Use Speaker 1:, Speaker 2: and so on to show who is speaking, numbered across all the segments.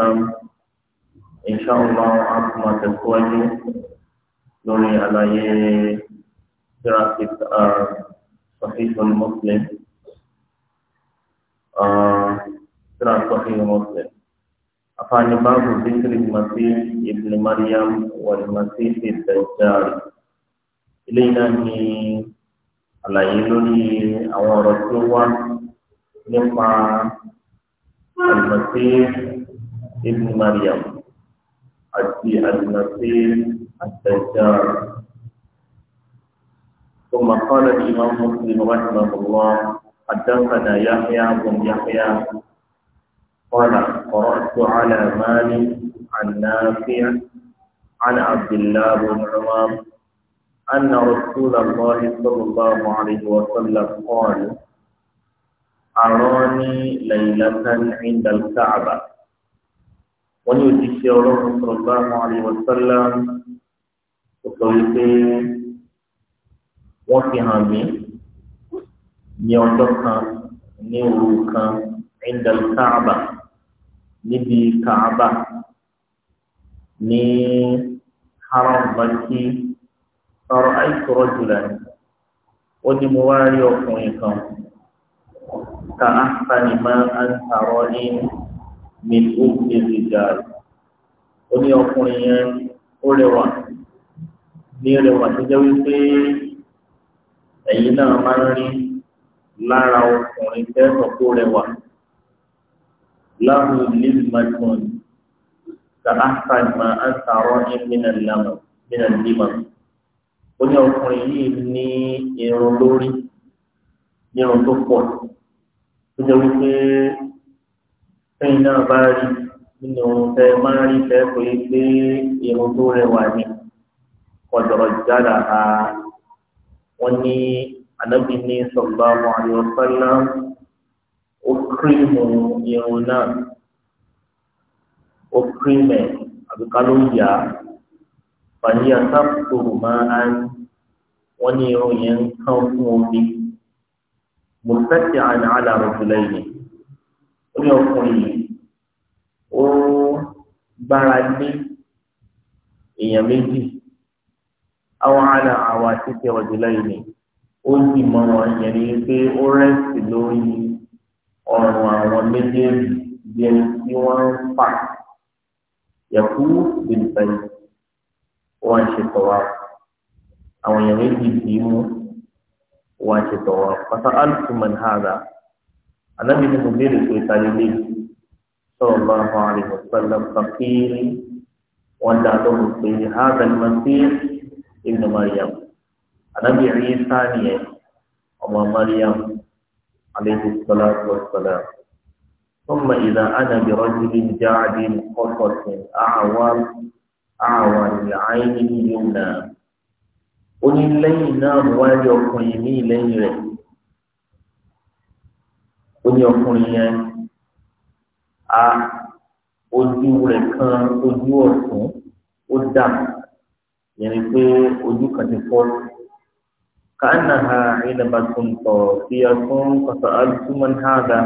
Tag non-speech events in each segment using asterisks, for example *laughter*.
Speaker 1: وسلم إن شاء الله أسمى تسوي لوري على دراسة صحيح المسلم دراسة صحيح مسلم أفعل باب ذكر المسيح ابن مريم والمسيح الدجال إلينا هي àlàyé lórí àwọn ọ̀rọ̀ tí ó wá nípa àlùmọ̀tí ابن مريم عدي النصير الدجال ثم قال الإمام مسلم رحمه الله حدثنا يحيى بن يحيى قال قرأت على مال عن نافع عن عبد الله بن عمر أن رسول الله صلى الله عليه وسلم قال أراني ليلة عند الكعبة wọ́n ní òjíṣẹ́ ọlọ́run sọ̀rọ̀ bá wọn àríwọ̀ sọ́lá ó sọ wípé wọ́n fi hàn mí ní ọjọ́ kan ní òru kan indal kaaba níbi kaaba ní haram bàtí àìsọ̀rọ̀ jùlọ ó ní mo wá rí ọkùnrin kan ka áhùn ni máa ń tààrọ̀ ní mi ó ní ìjà rẹ̀ ó ní ọkùnrin yẹn ó rẹwà ní rẹwà tó jẹ́ wípé ẹ̀yin náà máa ń rí lára ọkùnrin tẹ́sán tó rẹwà láhùn lílùmọ́tún kàáfà máa ń sàrọ́ ní mìíràn lámọ̀ mìíràn límọ̀ ó ní ọkùnrin yìí ní irun lórí irun tó pọ̀ tó jẹ́ wípé sẹ́yìn náà bá rí nínú fẹ́ máa rí fẹ́ pé pé irun tó rẹwà ni ọ̀dọ̀rọ̀ jára ha wọ́n ní anábì ní sallallahu alaihi wasallam ó kírìmù irun náà ó kírìmù àbíká ló yà á fàníyà sábùtò máa ń wọ́n ní irun yẹn ń kán fún omi mùsẹ́tì àná àlàrò jùlọ yìí ó ní ọkùnrin yìí gbára lé èèyàn méjì àwọn àlà àwọn àti tẹ ọdún lẹ́yìn ni ó sì mọ wọn yẹn ni pé ó rẹsì lórí ọrùn àwọn méjèèjì bí ẹni tí wọn ń fà yẹkú bìbẹyì wọn ṣe tọwọ àwọn èèyàn méjì kì í mú wọn ṣe tọwọ pàtàkì alùpùpù mọ anábìyẹn kò béèrè pé ta lè léyìí sallallahu alaihi wasallam faqiri wọ́n dá lóhùn pé hadha al-masih ibn maryam anabi Isa nìyẹn ọmọ maryam alaihi salatu wassalam ثم إذا أنا برجل جعد قصص أعور أعور لعينه يمنى oní lẹ́yìn náà mo wá rí ọkùnrin míì lẹ́yìn rẹ̀ ó ọkùnrin yẹn a ojú rẹ̀ kan ojú ọ̀tún ó dà yẹn pé ojú kan ti fọ́ kàánà ha ìdàbà tó ń tọ̀ sí ẹkún kọ̀tà alùpùpùmọ̀n ha dà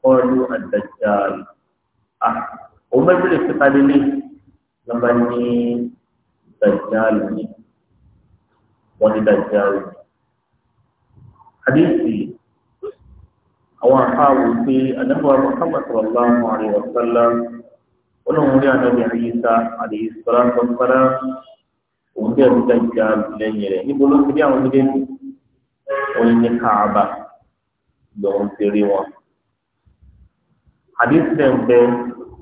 Speaker 1: kọ́ọ̀lù àdàjàlù. a òun bẹ́ẹ̀ bí délé lọ́ba ní dàjàlù ni wọ́n ní dàjàlù. hadith yìí àwọn àháwò pé àdáwà Muhammad sallallahu alaihi wa sallam olóhùn rí ànábì Ìsá alaihi salatu wa salam òun bẹ́ẹ̀ ló dájà lẹ́yìn rẹ̀ níbo ló ti rí àwọn méjèèjì òun ní Káàbà lòun ti rí wọn. àdìsí rẹ̀ ń bẹ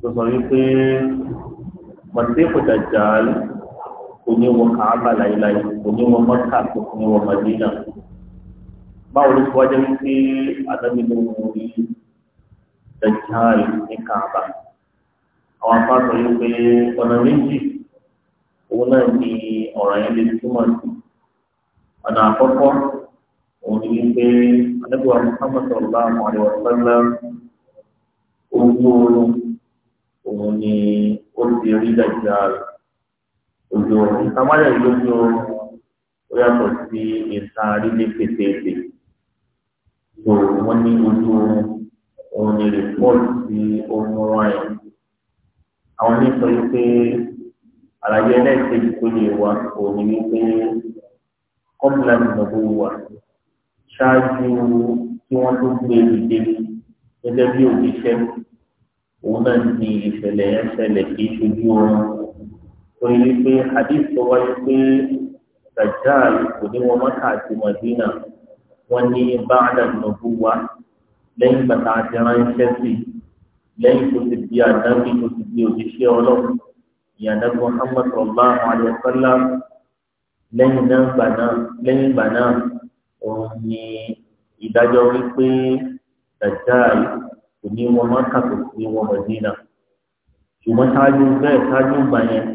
Speaker 1: tó sọ wípé mọ̀tẹ́kù dájà oníwọ̀n Káàbà láyéláyé oníwọ̀n mọ́tà tó oníwọ̀n Mádínà báwo ló fi wájú wípé àdáni ló ń rí Dajjal ní Kaaba àwọn afáàtọ yìí pé ọ̀nà méjì òun náà ni ọ̀rọ̀ yẹn lè túmọ̀ sí ọ̀nà àkọ́kọ́ òun ni wípé anábìwá Muhammad sallallahu alaihi wasallam ojú òun ni ó ti rí Dajjal ojú oorun ìsàmáyà ìlú ojú oorun ó yàtọ̀ sí ìsàn àrílé pétéèpé tó wọ́n ní ojú òun ní rìpọ́ọ̀tù sí ohun wọn yẹn. àwọn ní sọ wípé àlàyé ẹlẹ́ẹ̀kejì tó lè wà òun ní wípé kọ́mùlà nìgbàgbọ́ wà ṣáájú kí wọ́n tó gbé dìde gẹ́gẹ́ bí òjíṣẹ́ òun náà di ìṣẹ̀lẹ̀ yẹn ṣẹlẹ̀ kì í ṣojú oorun torí wípé hadith tó wáyé pé dajjal kò ní wọn mọ́ta àti mọ̀dínà wọ́n ní báàdà nùbú wa lẹ́yìn bàtà àti ránṣẹ́ sí lẹ́yìn tó ti di àdábì tó ti di òṣìṣẹ́ ọlọ́run ìyàdá muhammad sallallahu alayhi wa sallam lẹ́yìn gbà náà òun ni ìdájọ́ wípé dàjáì kò ní wọn má kàtó sí wọn mọ̀dínà ṣùgbọ́n ṣáájú bẹ́ẹ̀ ṣáájú gbà yẹn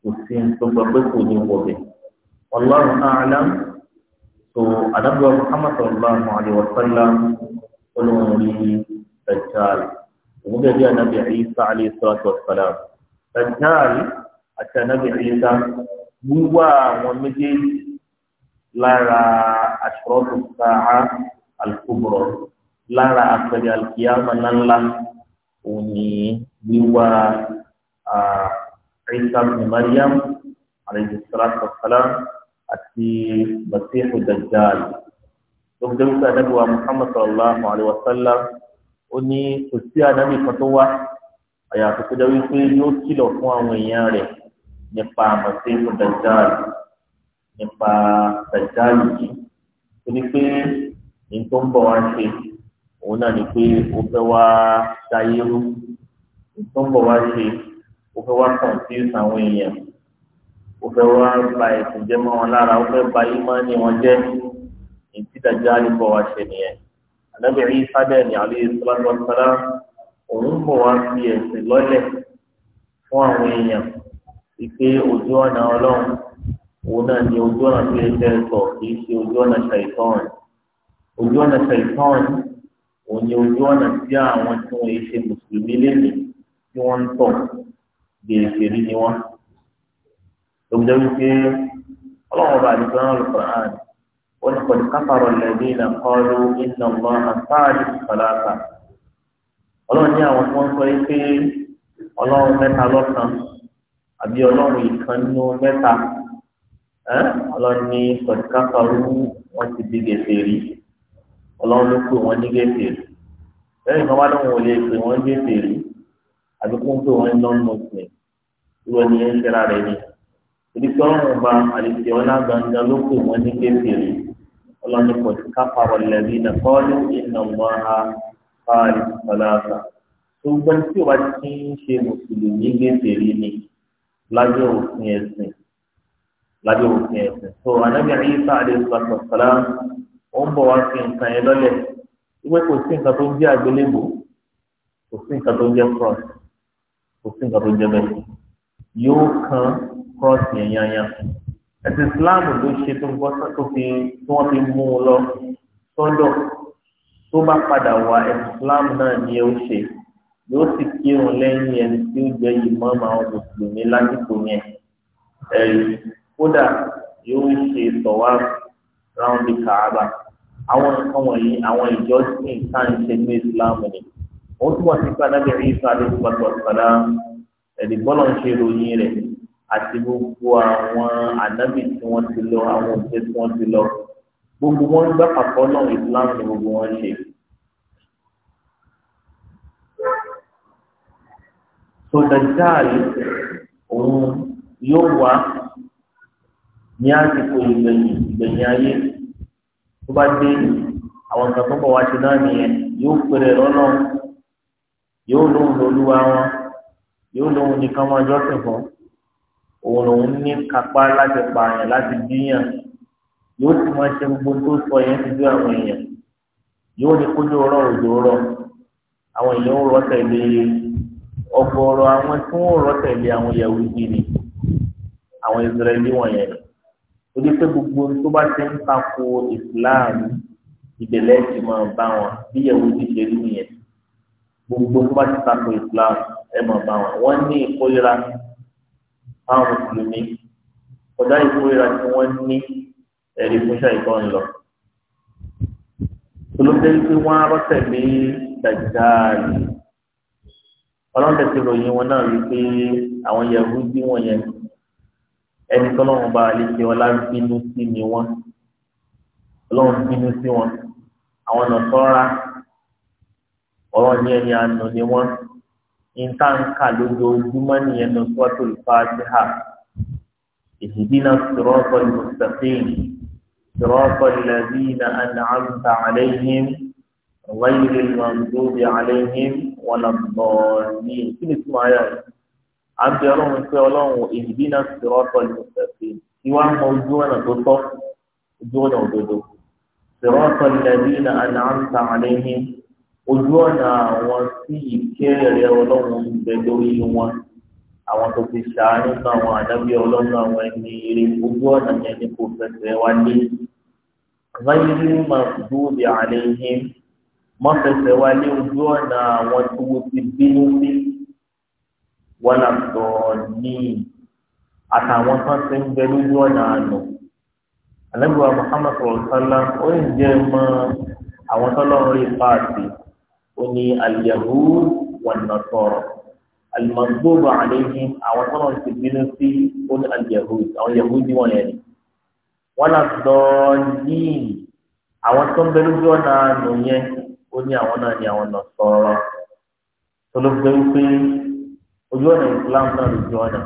Speaker 1: kò sí ní pé kò ní wọ̀bẹ̀ ọlọ́run náà so adabuwa muhammad sallallahu alaihi wa sallam olóhùn ní dajjal òun bẹ̀rẹ̀ bí anabi isa alayhi salatu wa salam dajjal àti anabi isa wíwá àwọn méjèèjì lára aṣọ́rọ́tò sáà alkubro lára àpẹẹrẹ alkiyama ńláńlá òun wíwá ah, isa bin mariam alayhi salatu wa salam àti masihu dajjal lókùtẹ́ wípé anábìwá muhammad sallallahu alayhi wa sallam ó ní kò sí anábì kan tó wá àyàfi kó jẹ́ wípé yóò kìlọ̀ fún àwọn èèyàn rẹ̀ nípa masihu dajjal nípa dajjal yìí ó ní pé ní ń bọ̀ wá ṣe òun náà ni pé ó fẹ́ wá dayé rú ní ń bọ̀ wá ṣe ó fẹ́ wá kàn sí àwọn èèyàn ó fẹ́ wá ba ẹ̀sìn jẹ́ mọ́ wọn lára ó fẹ́ ba ìmánì wọn jẹ́ èyí ni àlùbọ̀ wa ṣe nìyẹn ànábì Ìsá dẹ̀ ní àlẹ́ ìsọ́lá sọ́lá òun bọ̀ wá fi ẹ̀sìn lọ́lẹ̀ fún àwọn èèyàn ìpè ojú ọ̀nà ọlọ́run òun náà ni ojú ọ̀nà tó yẹ fẹ́ sọ kìí ṣe ojú ọ̀nà ṣàìtọ́ọ̀n ojú ọ̀nà ṣàìtọ́ọ̀n òun ni ojú ọ̀nà tí àwọn tí wọ́n yẹ ṣe mùsùlùmí lẹ́nu tí wọ́n ń tọ̀ gbèrègbèrè ni wọ́n lóbìjọ́ wípé ọlọ́run ọba àdìsí wọn lọ fún àn wọn ni kọ̀dí káfàrọ̀ lẹ́bí iná kọ́lu iná lọ àtàlì kọ̀láta ọlọ́run ní àwọn tí wọ́n sọ pé ọlọ́run mẹ́ta lọ́kan àbí ọlọ́run ìkànnú mẹ́ta ọlọ́run ní kọ̀dí káfàrọ̀ wọn ti di gèsè rí ọlọ́run ló pè wọ́n ní gèsè rí lẹ́yìn kan wá lóhùn òye pé wọ́n gèsè rí àbí kó ń pè wọ́n ní non ìdíkọ́ ọ̀run ọba àlejò ọlágbàǹdà ló pè wọ́n ní kékeré ọlọ́ni kò sí kápá ọ̀lẹ́bí iná kọ́ọ́lù iná wọn á fáàlì ọ̀làkà tó gbọ́n tí o bá ti ń ṣe mùsùlùmí kékeré ni lábẹ́ òfin ẹ̀sìn lábẹ́ òfin ẹ̀sìn tó anábìà Ìsá àdéhùn sọ̀tàlá ó ń bọ̀ wá sí nǹkan yẹn lọ́lẹ̀ ìwé kò sí nǹkan tó ń jẹ́ àgbélébò kò sí nǹkan tó ń jẹ́ kọ́ọ̀sì yẹn yanyan ẹ̀sìn islam ló ṣe tó gbọ́ tó fi tí wọ́n fi mú un lọ sọ́dọ̀ tó bá padà wá ẹ̀sìn islam náà ni ó ṣe yóò sì kírun lẹ́yìn ẹni tí ó jẹ́ ìmọ̀ọ́mọ́ àwọn mùsùlùmí lásìkò yẹn ẹ̀rí kódà yóò ṣe sọ̀wá ráúndì kàába àwọn nǹkan wọ̀nyí àwọn ìjọsìn tá ń ṣe ní islam ni òun túbọ̀ sí pé adájọ́ ìfẹ́ adé tó bá tọ̀ ń ṣe ìròyìn rẹ̀ àti gbogbo àwọn ànábì tí wọ́n ti lọ àwọn òṣè tí wọ́n ti lọ gbogbo wọn gbà papọ̀ náà Islam ni gbogbo wọn ṣe. sọdájáàlì òun yóò wá ní àsìkò ìgbẹ̀yìn ìgbẹ̀yìn ayé tó bá dé àwọn nǹkan tó bọ̀ wá ti náà nìyẹn yóò pèrè lọ́nà yóò lóhùn lóluwa wọn yóò lóhùn nìkan wọn jọ́sìn fún un òun lòun ní kápá láti pààyàn láti bíyàn yóò sì máa ṣe gbogbo tó sọ yẹn ti dé àwọn èèyàn yóò ní kójú ọ̀rọ̀ òjò rọ àwọn èèyàn ó rọ tẹ̀lé ọ̀gọ̀ọ̀rọ̀ àwọn tí wọ́n rọ tẹ̀lé àwọn Yahudi ni àwọn Israẹli wọ̀nyẹn ni ó dé pé gbogbo tó bá ti ń tako Islam ìbẹ̀lẹ̀ ti máa bá wọn bí Yahudi ṣe rí nìyẹn gbogbo tó bá ti tako Islam ẹ máa bá wọn wọ́n ní ìkórira fáwọn mùsùlùmí kọjá ìkórira tí wọ́n ní ẹ̀rí fún ṣàìkọ́ ń lọ. tolóṣèlú tí wọ́n á rọ́ṣẹ̀ lé dàjáàlì ọlọ́run tẹ̀sí ròyìn wọn náà wípé àwọn Yahudi wọn yẹn ẹni tọ́lọ́run bá alẹ́ ṣe ọlá bínú sí ni wọ́n ọlọ́run bínú sí wọn àwọn ọ̀nà tọ́ra ọ̀rọ̀ ní ẹni àná ni wọ́n nǹkanka lójoojúmọ́ nìyẹn ní sọ́tò ìfàtíhà ìdídínà sọ̀rọ̀tọ̀ ìmùsàfíìn sọ̀rọ̀tọ̀ ìlàdínà ànàmta àlẹ́yìn wáyìlì mọ̀ndóbi àlẹ́yìn wọlọ̀bọ̀ọ̀lì kí ni túmọ̀ ayọ̀ rẹ̀ à ń bẹ ọlọ́run pé ọlọ́run ìdídínà sọ̀rọ̀tọ̀ ìmùsàfíìn kí wàá mọ ojú ọ̀nà tó tọ́ ojú ọ̀nà òdodo sọ̀rọ̀tọ̀ ìlàdínà ànàmta àlẹ́yìn ojú ọ̀nà àwọn tí ìkéré ọlọ́run ń bẹ lórí wọn àwọn tó ti ṣàánú náà àwọn àdábí ọlọ́run àwọn ẹni eré ojú ọ̀nà yẹn ni kò fẹsẹ̀ wá lé báyìí ní màdúbí àlehìn má fẹsẹ̀ wá lé ojú ọ̀nà àwọn tí wọ́n ti bínú sí wọn àtọ̀ ní àtàwọn tó ti ń bẹ lójú ọ̀nà àná alẹ́ bí wa Muhammad sọ̀rọ̀ ó ń jẹ́ mọ́ àwọn tọ́lọ́run rí paati ó ní al-yahud wan-nasara al-maghdubi alayhim àwọn tó náà ti bínú sí ó ní al-yahud àwọn yahudi wọn yẹn ni wọn là dọ́ọ̀lìn àwọn tó ń bẹ lójú ọ̀nà àánú yẹn ó ní àwọn náà ní àwọn nasara tó ojú ọ̀nà islam náà lójú ọ̀nà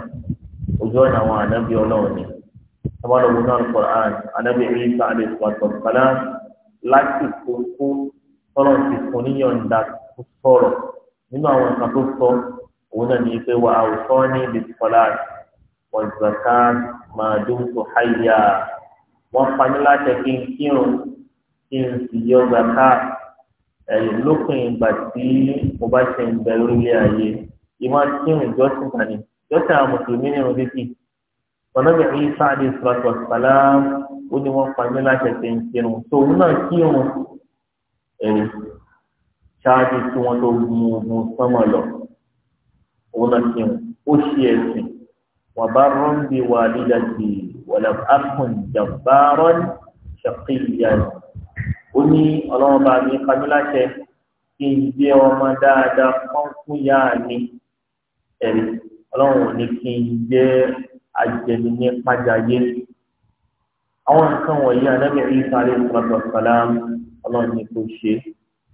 Speaker 1: ojú ọ̀nà àwọn ànábì ọlọ́run ni tọ́ba lọ́wọ́ náà Al-Qur'an ànábì Isa alayhi salatu wa salam láti kókó tọ́lọ̀ ti fún níyọ̀ǹda tó sọ̀rọ̀ nínú àwọn nǹkan tó sọ òun náà ní pé wà àwùjọ ní bisikọ́lá wọ́n zaka máa dùn tó háyà wọ́n fani láti kí n kírun kí n sì yọ zaka ẹ̀yìn lópin ìgbà tí mo bá ṣe ń bẹ lórílẹ̀ ayé ìmọ̀ kírun jọ́sìn kàní jọ́sìn àwọn mùsùlùmí nínú títì ọ̀nàbẹ̀ yìí sáà ní ìfúrasọ̀ sàlám ó ní wọ́n fani láti kí n kírun tó òun náà kírun ẹni ṣáájú tí wọ́n tó gun ogun sánmà lọ òun náà ti ó ṣe ẹ̀sìn wà bá rọ́ǹdì wà lílà sí wàlà ákùn jàbárọ́n ṣàkíyàn ó ní ọlọ́run bá mi kanú láṣẹ kí n jẹ́ ọmọ dáadáa fún fún yáa mi ẹ̀rí ọlọ́run ò ní kí n jẹ́ ajẹni ní pàjáyé àwọn nǹkan wọ̀nyí anábì Isa alayhi salatu wa salam ọlọ́run ní kó ṣe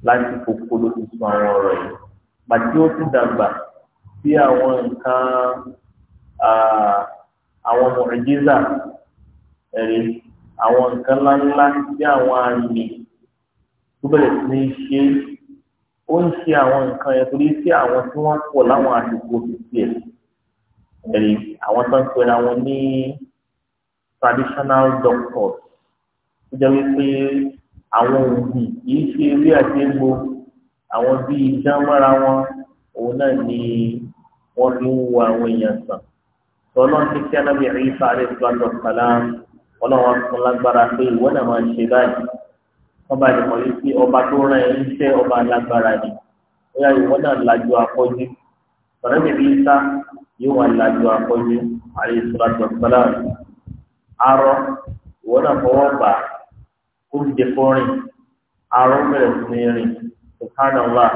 Speaker 1: láti kókó ló ti sọ àwọn ọ̀rọ̀ yìí pàtí ó tún dàgbà sí àwọn nǹkan àwọn mọ̀rẹ́jísà ẹ̀rí àwọn nǹkan ńláńlá sí àwọn àmì tó bẹ̀rẹ̀ sí ní ṣe ó ń ṣe àwọn nǹkan yẹn torí sí àwọn tí wọ́n pọ̀ láwọn àsìkò òfìsí ẹ̀ ẹ̀rí àwọn tó ń pera wọn ní traditional doctors ó jẹ́ wípé àwọn òbí kìí ṣe eré àti egbò àwọn bíi ìdánmọ́ra wọn òun náà ni wọ́n fi ń wo àwọn èèyàn sàn tọ́lọ́ ti kí anábì Ìsá alayhi salam ọlọ́wọ́n fún lágbára pé ìwọ náà máa ṣe báyìí ọba ìmọ̀ yìí sí ọba tó rán ẹ̀ ń ọba lágbára ni ó yà ìwọ náà lajú afọ́jú anábì Ìsá yóò wà lajú afọ́jú alayhi salam arọ ìwọ náà fọwọ́ gbà kó dìde kọrin arọ bẹ̀rẹ̀ fún mi rìn subhanallah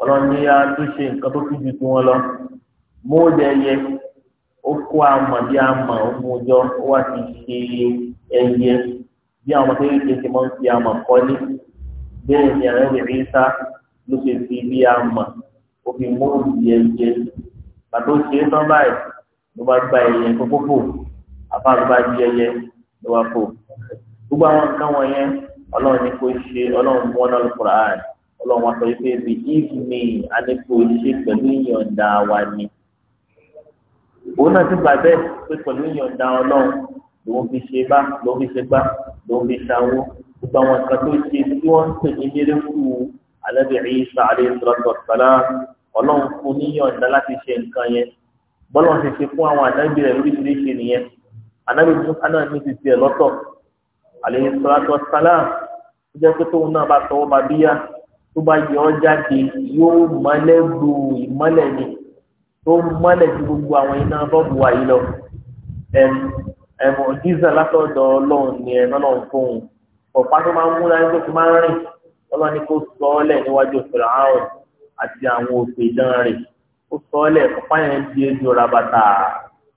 Speaker 1: ọlọ́ni yá tó ṣe nǹkan tó fi ju tí wọ́n lọ móòdù ẹyẹ ó kó àmọ̀ bí àmọ̀ ọmọjọ́ ó wà ti ṣe ẹyẹ bí àwọn tó yẹ kí wọ́n fi àmọ̀ kọ́lé bẹ́ẹ̀ ni àwọn ẹ̀rọ ìrísá ló ṣe fi bí àmọ̀ ó fi móòdù ẹyẹ bàtó ṣe é tán báyìí ló bá gba ẹyẹ kókókò afáàlú bá jí ẹyẹ ló wá kó gbogbo àwọn nǹkan wọ̀nyẹn ọlọ́run ní kò ṣe ọlọ́run mú ọ́nà Al-Qur'an ọlọ́run wá sọ wípé bí ìfìmí àníkò ṣe pẹ̀lú ìyọ̀ǹda wa ni òun náà ti gbà bẹ́ẹ̀ pé pẹ̀lú ìyọ̀ǹda ọlọ́run lòun fi ṣe bá lòun fi ṣe gbá lòun fi ṣàwó gbogbo àwọn nǹkan tó ṣe tí wọ́n ń pè ní mérekù alẹ́bí Ìsá alayhi salatu wassalam ọlọ́run fún níyọ̀ǹda láti ṣe nǹkan yẹn bọ́lọ̀ ti ṣe fún àwọn àdágbé lóríṣiríṣi nìyẹn anabi musa náà ní ti tiẹ̀ lọ́tọ̀ àlèyé sọlátọ sálá tó jẹ́ pé tóun náà bá tọwọ́ bá bíyá tó bá yọ ọ jáde yóò mọ́lẹ̀ gbòò ìmọ́lẹ̀ ni tó mọ́lẹ̀ ju gbogbo àwọn iná bọ́ọ̀bù wa yìí lọ ẹmọ dísà látọ̀dọ̀ ọlọ́run ni ẹ lọ́nà fóun ọ̀pá tó máa ń múra ẹgbẹ́ tó máa ń rìn ọlọ́ni kò sọ ọ́ lẹ̀ níwájú fìlàhàn àti àwọn òpè dán rẹ̀ ó sọ ọ́ lẹ̀ yẹn di ojú ọ̀rá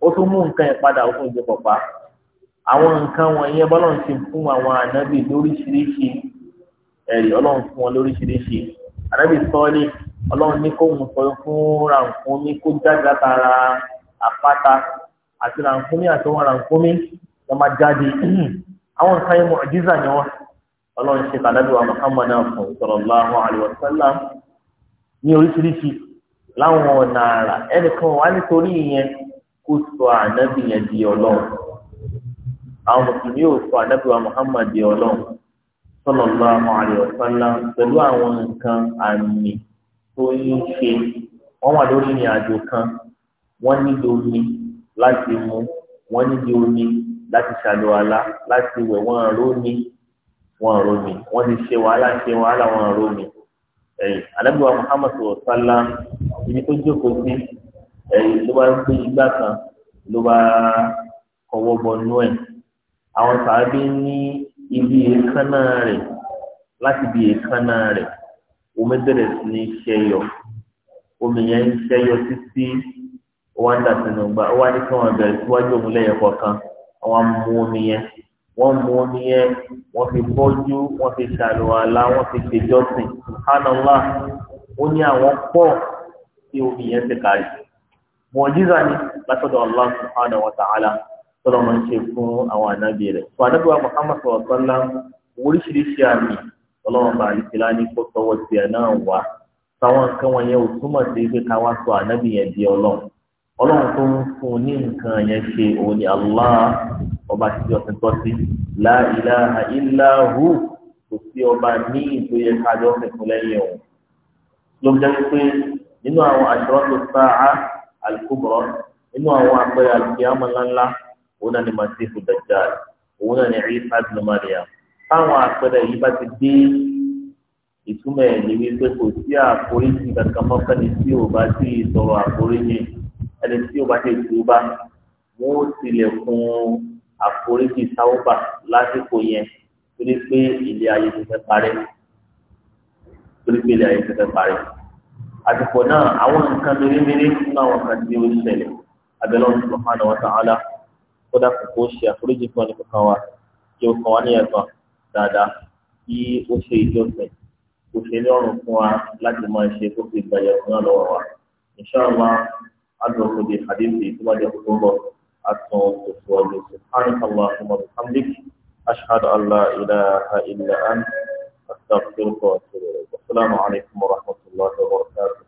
Speaker 1: ó tún mú nǹkan yẹn padà ó tún àwọn nǹkan wọ̀nyẹn bọ́lọ́run ti fún àwọn ànábì lóríṣiríṣi ẹ̀rí ọlọ́run fún wọn lóríṣiríṣi ànábì sọ́ọ́lì ọlọ́run ní kó sọ fún ràǹkúnmí kó jáde látara àpáta àti ràǹkúnmí àti wọn ràǹkúnmí wọn máa jáde *clears throat* àwọn nǹkan yẹn mọ̀jísà ni wọn ọlọ́run ṣe tàdábì wa Muhammad fún sallallahu ní oríṣiríṣi láwọn ọ̀nà kó sọ ànábì yẹn di ọlọ́run àwọn mùsùlùmí ò sọ ànábì wa Muhammad di ọlọ́run sallallahu alaihi wasallam pẹ̀lú àwọn nǹkan àmì tó ń ṣe wọ́n wà lórí ìrìn àjò kan wọ́n nílò omi láti mu wọ́n nílò omi láti ṣàlùwàlá láti wẹ̀ wọ́n rò ní wọ́n rò ní wọ́n ti ṣe wàhálà ṣe wàhálà wọ́n rò ní. ẹ̀yìn alábíwá Muhammad sallam ibi tó jókòó sí ẹ̀yìn ló bá ń pé igbá kan ló bá kọwọ́ bọnú ẹ̀ àwọn sàábí ní ibi èékánná rẹ̀ láti ibi èékánná rẹ̀ omi bẹ̀rẹ̀ sí ní ṣẹyọ omi yẹn ń ṣẹyọ títí wọn dà sínú gba wọn ní kí wọn bẹ̀rẹ̀ síwájú òun lẹ́yìn kọ̀ọ̀kan wọn mú omi yẹn wọn mú omi yẹn wọn fi bọ́jú wọn fi ṣàlùwàlá wọn fi ṣèjọ́sìn subhanallah ó ní àwọn pọ̀ tí omi yẹn ti kárí mọ̀jíza ni látọ̀dọ̀ Allah subhanahu wa ta'ala tọ́lọ́ máa ń ṣe fún àwọn ànábì rẹ̀. tó ànábì wa Muhammad sallallahu alaihi wa sallam oríṣiríṣi àmì ọlọ́run bá àlìkìlá ní kó tọwọ́ tiẹ̀ náà wá táwọn nǹkan wọn yẹn ò túmọ̀ sí pé ká wá sọ ànábì yẹn di ọlọ́run ọlọ́run tó ń fún un ní nǹkan yẹn ṣe òun ni Allah ọba títí ọ̀sìn tọ́ sí la ilaha illa kò sí ọba ní ìtòyẹ kájọ́ fẹ̀kún lẹ́yìn òun ló jẹ́ pé nínú àwọn àṣọ tó sáà al-kubra inú àwọn àpẹẹrẹ al-qiyama ńláńlá òun náà ni masifu dajjal òun náà ni Isa ibn Maryam táwọn àpẹẹrẹ yìí bá ti dé ìtumọ̀ ẹ̀ ní wípé kò sí àforíjì kankan mọ́kànlí tí ò bá sí ìsọ̀rọ̀ àforíjì ẹni tí ò bá ti tú bá wọn ó tilẹ̀kùn àforíjì sáwọ́bà lásìkò yẹn torí pé ilé ayé ti fẹ́ parẹ́ torí pé ilé ayé ti fẹ́ parẹ́ àdìpọ̀ náà àwọn nǹkan mèremère nínú àwọn kan tí ó ṣẹlẹ̀ abẹ́lẹ́ ọ̀hún subhanahu wa ta'ala kó dàpọ̀ kó ṣe àforíjì fún ẹnìkan wa kí o kàn wá ní ẹ̀gbọ́n dáadáa kí ó ṣe ìjọsìn kò ṣe ní ọrùn fún wa láti máa ṣe tó fi gbàyẹ̀ fún wa lọ́wọ́ wa inṣàlá adùnkù di tó bá jẹ́ kó tó ń bọ̀ àtún òṣùwọ̀n subhanahu wa ta'ala ashhadu an la ilaha illa anta. أستغفرك وأتوب إليك السلام عليكم ورحمة الله وبركاته